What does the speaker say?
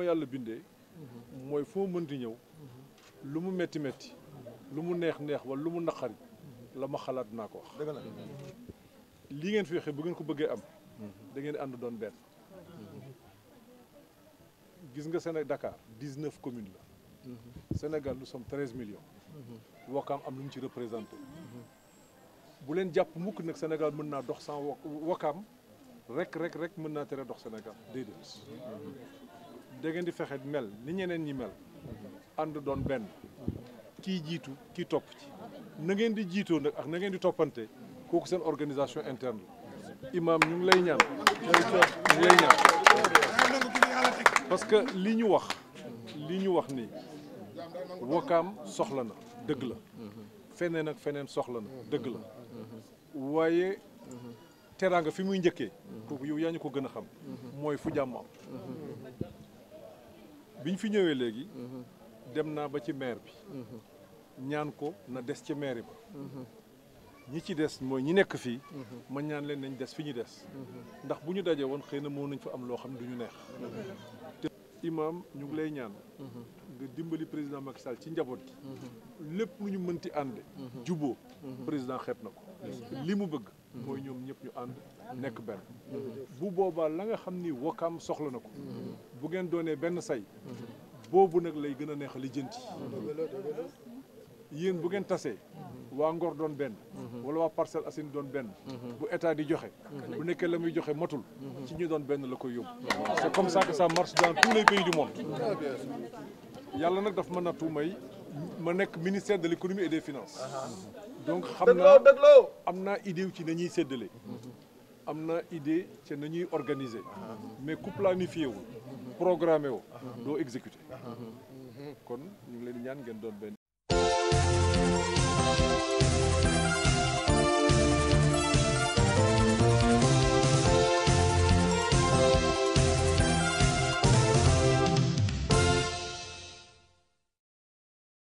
li yàlla bindee mhm. mooy foo mënti ñëw mhm. lu mu metti metti lu mu neex neex wala lu mu naqari mhm. la ma xalaat naa ko wax li ngeen fi waxee bu ngeen ko bëggee am da ngeen ànd doon benn gis nga Sénégal Dakar dix la senegal nous sommes treize millions am lu ci représenté bu leen jàpp mukk nag senegal mën naa dox sans Ouakam rek rek rek mën naa tere dox Sénégal dangeen di fexe mel ni ñeneen ñi mel ànd doon benn kii jiitu kii topp ci na ngeen di jiitoo nag ak na ngeen di toppante kooku seen organisation interne la imaam ñu ngi lay ñaan ñu parce que li ñu wax li ñu wax ni wakaam soxla na dëgg la feneen ak feneen soxla na dëgg la waaye teraanga fi muy njëkkee kooku yow yaa ñu ko gën a xam mooy fu jàmm bi ñu fi ñëwee léegi. Mhm. dem naa ba ci maire bi. Mhm. ñaan ko na des ci maire ba. Mhm. ñi ci des mooy ñi nekk fii. ma ñaan leen nañ des fi ñu des. ndax bu ñu dajee woon xëy na moo nañ fa am loo xam ne du ñu neex. imam ñu ngi lay ñaan nga dimbali président Macky Sall ci njaboot gi lépp lu ñu mënti ànd juboo président xeeb na ko li mu bëgg mooy ñoom ñëpp ñu ànd nekk benn bu boobaa la nga xam ni Wakaam soxla na ko bu ngeen doonee benn say boobu nag lay gën a neex li yéen bu ngeen tasee waa Ngor doon benn mhm. wala waa Parcelles Assainies doon benn mhm. bu état di joxe mhm. bu nekkee la muy joxe matul ci ñu doon benn la koy yóbbu c'est comme ça que ça marche dans tous les pays du monde yàlla nag dafa ma nattu may ma nekk ministère de l'économie et des finances donc xam naa am naa idée ci nañuy séddale am naa idée ci ñuy organiser mais ku planifié wul programmé woo doo exécuté kon ñu ngi leen ñaan ngeen doon benn